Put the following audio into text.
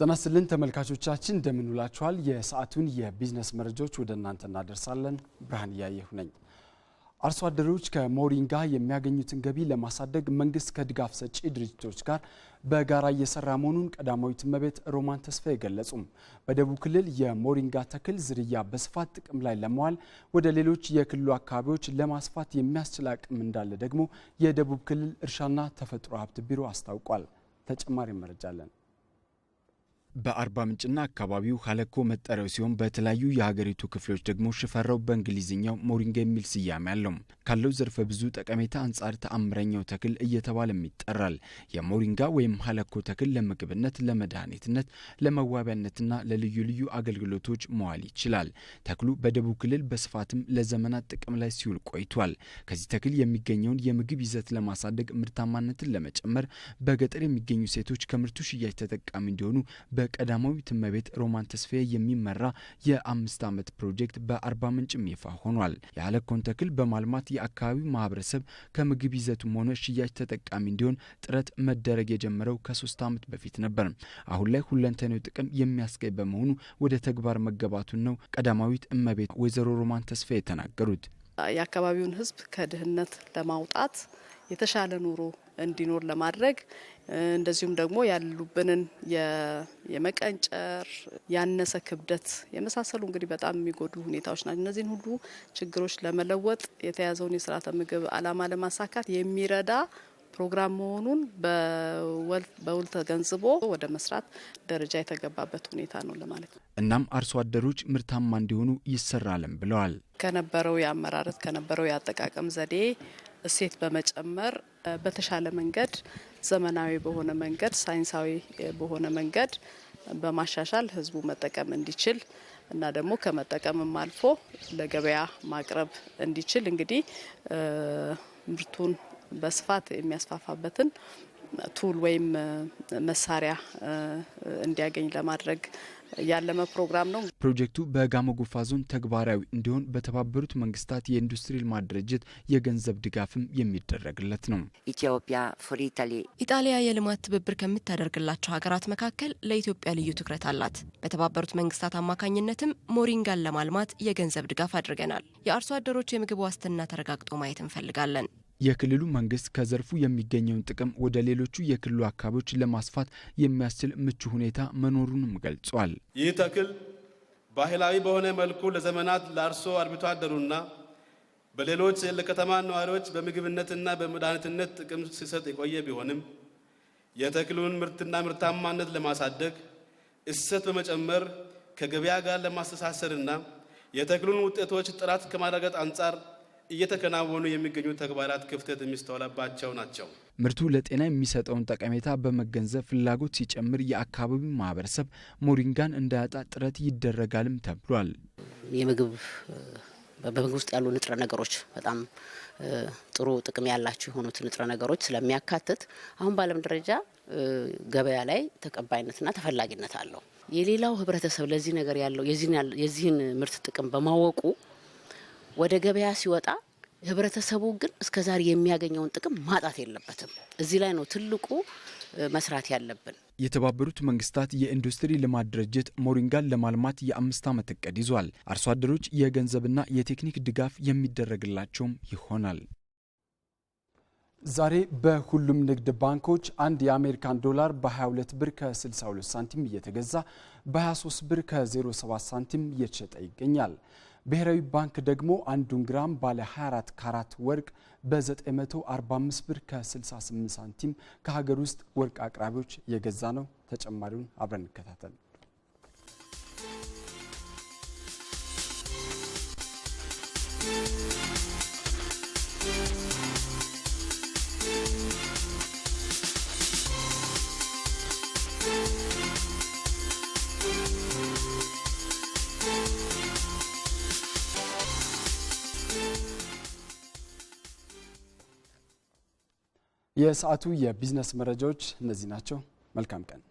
ጤና ይስጥልን ተመልካቾቻችን፣ እንደምንውላችኋል። የሰዓቱን የቢዝነስ መረጃዎች ወደ እናንተ እናደርሳለን። ብርሃን እያየሁ ነኝ። አርሶ አደሮች ከሞሪንጋ የሚያገኙትን ገቢ ለማሳደግ መንግስት ከድጋፍ ሰጪ ድርጅቶች ጋር በጋራ እየሰራ መሆኑን ቀዳማዊት እመቤት ሮማን ተስፋዬ ገለጹ። በደቡብ ክልል የሞሪንጋ ተክል ዝርያ በስፋት ጥቅም ላይ ለመዋል ወደ ሌሎች የክልሉ አካባቢዎች ለማስፋት የሚያስችል አቅም እንዳለ ደግሞ የደቡብ ክልል እርሻና ተፈጥሮ ሀብት ቢሮ አስታውቋል። ተጨማሪ መረጃ አለን። በአርባ ምንጭና አካባቢው ሀለኮ መጠሪያው ሲሆን በተለያዩ የሀገሪቱ ክፍሎች ደግሞ ሽፈራው በእንግሊዝኛው ሞሪንጋ የሚል ስያሜ አለው። ካለው ዘርፈ ብዙ ጠቀሜታ አንጻር ተአምረኛው ተክል እየተባለም ይጠራል። የሞሪንጋ ወይም ሀለኮ ተክል ለምግብነት፣ ለመድኃኒትነት፣ ለመዋቢያነትና ለልዩ ልዩ አገልግሎቶች መዋል ይችላል። ተክሉ በደቡብ ክልል በስፋትም ለዘመናት ጥቅም ላይ ሲውል ቆይቷል። ከዚህ ተክል የሚገኘውን የምግብ ይዘት ለማሳደግ፣ ምርታማነትን ለመጨመር በገጠር የሚገኙ ሴቶች ከምርቱ ሽያጭ ተጠቃሚ እንዲሆኑ በ በቀዳማዊት እመቤት ሮማን ተስፋዬ የሚመራ የአምስት ዓመት ፕሮጀክት በአርባ ምንጭም ይፋ ሆኗል። የአለኮን ተክል በማልማት የአካባቢው ማህበረሰብ ከምግብ ይዘቱም ሆነ ሽያጭ ተጠቃሚ እንዲሆን ጥረት መደረግ የጀመረው ከሶስት ዓመት በፊት ነበር። አሁን ላይ ሁለንተናዊ ጥቅም የሚያስገኝ በመሆኑ ወደ ተግባር መገባቱን ነው ቀዳማዊት እመቤት ወይዘሮ ሮማን ተስፋዬ የተናገሩት። የአካባቢውን ህዝብ ከድህነት ለማውጣት የተሻለ ኑሮ እንዲኖር ለማድረግ እንደዚሁም ደግሞ ያሉብንን የመቀንጨር ያነሰ ክብደት የመሳሰሉ እንግዲህ በጣም የሚጎዱ ሁኔታዎች ናቸው። እነዚህን ሁሉ ችግሮች ለመለወጥ የተያዘውን የስርዓተ ምግብ ዓላማ ለማሳካት የሚረዳ ፕሮግራም መሆኑን በውል ተገንዝቦ ወደ መስራት ደረጃ የተገባበት ሁኔታ ነው ለማለት ነው። እናም አርሶ አደሮች ምርታማ እንዲሆኑ ይሰራልም ብለዋል። ከነበረው የአመራረት ከነበረው የአጠቃቀም ዘዴ እሴት በመጨመር በተሻለ መንገድ ዘመናዊ በሆነ መንገድ ሳይንሳዊ በሆነ መንገድ በማሻሻል ህዝቡ መጠቀም እንዲችል እና ደግሞ ከመጠቀምም አልፎ ለገበያ ማቅረብ እንዲችል እንግዲህ ምርቱን በስፋት የሚያስፋፋበትን ቱል ወይም መሳሪያ እንዲያገኝ ለማድረግ ያለመ ፕሮግራም ነው። ፕሮጀክቱ በጋሞ ጎፋ ዞን ተግባራዊ እንዲሆን በተባበሩት መንግስታት የኢንዱስትሪ ልማት ድርጅት የገንዘብ ድጋፍም የሚደረግለት ነው። ኢትዮጵያ ኢታሊ ኢጣሊያ የልማት ትብብር ከምታደርግላቸው ሀገራት መካከል ለኢትዮጵያ ልዩ ትኩረት አላት። በተባበሩት መንግስታት አማካኝነትም ሞሪንጋን ለማልማት የገንዘብ ድጋፍ አድርገናል። የአርሶ አደሮች የምግብ ዋስትና ተረጋግጦ ማየት እንፈልጋለን። የክልሉ መንግስት ከዘርፉ የሚገኘውን ጥቅም ወደ ሌሎቹ የክልሉ አካባቢዎች ለማስፋት የሚያስችል ምቹ ሁኔታ መኖሩንም ገልጿል። ይህ ተክል ባህላዊ በሆነ መልኩ ለዘመናት ለአርሶ አርብቶ አደሩና በሌሎች ለከተማ ነዋሪዎች በምግብነትና በመድኃኒትነት ጥቅም ሲሰጥ የቆየ ቢሆንም የተክሉን ምርትና ምርታማነት ለማሳደግ እሰት በመጨመር ከገበያ ጋር ለማስተሳሰርና የተክሉን ውጤቶች ጥራት ከማረጋገጥ አንጻር እየተከናወኑ የሚገኙ ተግባራት ክፍተት የሚስተዋለባቸው ናቸው። ምርቱ ለጤና የሚሰጠውን ጠቀሜታ በመገንዘብ ፍላጎት ሲጨምር የአካባቢው ማህበረሰብ ሞሪንጋን እንዳያጣ ጥረት ይደረጋልም ተብሏል። የምግብ በምግብ ውስጥ ያሉ ንጥረ ነገሮች በጣም ጥሩ ጥቅም ያላቸው የሆኑት ንጥረ ነገሮች ስለሚያካትት አሁን በዓለም ደረጃ ገበያ ላይ ተቀባይነትና ተፈላጊነት አለው። የሌላው ህብረተሰብ ለዚህ ነገር ያለው የዚህን ምርት ጥቅም በማወቁ ወደ ገበያ ሲወጣ ህብረተሰቡ ግን እስከዛሬ የሚያገኘውን ጥቅም ማጣት የለበትም። እዚህ ላይ ነው ትልቁ መስራት ያለብን። የተባበሩት መንግስታት የኢንዱስትሪ ልማት ድርጅት ሞሪንጋን ለማልማት የአምስት ዓመት እቅድ ይዟል። አርሶ አደሮች የገንዘብና የቴክኒክ ድጋፍ የሚደረግላቸውም ይሆናል። ዛሬ በሁሉም ንግድ ባንኮች አንድ የአሜሪካን ዶላር በ22 ብር ከ62 ሳንቲም እየተገዛ በ23 ብር ከ07 ሳንቲም እየተሸጠ ይገኛል። ብሔራዊ ባንክ ደግሞ አንዱን ግራም ባለ 24 ካራት ወርቅ በ945 ብር ከ68 ሳንቲም ከሀገር ውስጥ ወርቅ አቅራቢዎች የገዛ ነው። ተጨማሪውን አብረን እንከታተል። የሰዓቱ የቢዝነስ መረጃዎች እነዚህ ናቸው። መልካም ቀን።